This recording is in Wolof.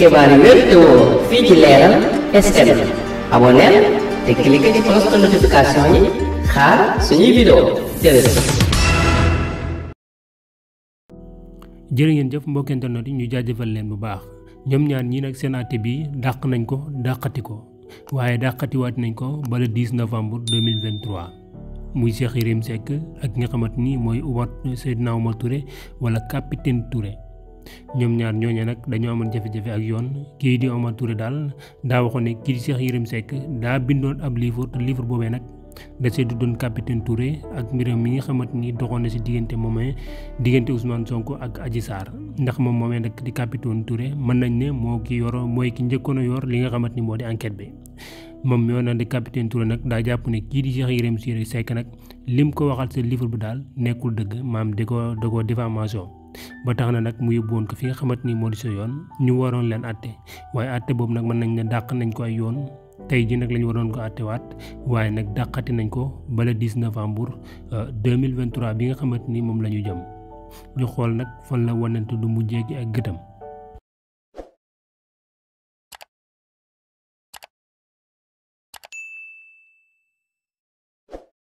xibaar yi ngeen jëf mbokkent internet yi ñu jaajëfal leen bu baax ñoom ñaan ñii nag seen àtte bi dàq nañ ko dàqati ko waaye dàqatiwaat nañ ko bala 10 novembre 2023 muy Cheikh Yérim Seck ak nga xamante ni mooy Oumar Seydina Oumar Touré wala capitaine ture ñoom ñaar ñooñu nag dañoo amoon jafe-jafe ak yoon kii di Omar Touré daal daa waxoon ne kii di Cheikh Yérim Seck daa bindoon ab livre te livre boobee nag da see tuddoon capitaine mi nga xamante ni doxoon na si diggante moomee diggante Ousmane Sonko ak Adji Sarr ndax moom moomee nag di capitaine Touré ne moo ki yoro mooy ki njëkkoon a yor li nga xamante ni moo di enquête bi. moom mi woon di capitaine Touré nag daa di Cheikh Yérim Seck lim ko waxal sa livre bi daal nekkul dëgg maam di ko da ko diffamation ba tax na nag mu yóbbuwoon ko fi nga xamante ni moo di sa yoon ñu waroon leen àtte waaye àtte boobu nag mën nañ ne dàq nañ ko ay yoon tey ji nag la waroon ko àttewaat waaye nag dàqati nañ ko bala 10 novembre 2023 euh, bi nga xamante ni moom la ñu jëm ñu xool nag fan la wanante du mujjee gi ak gëtam.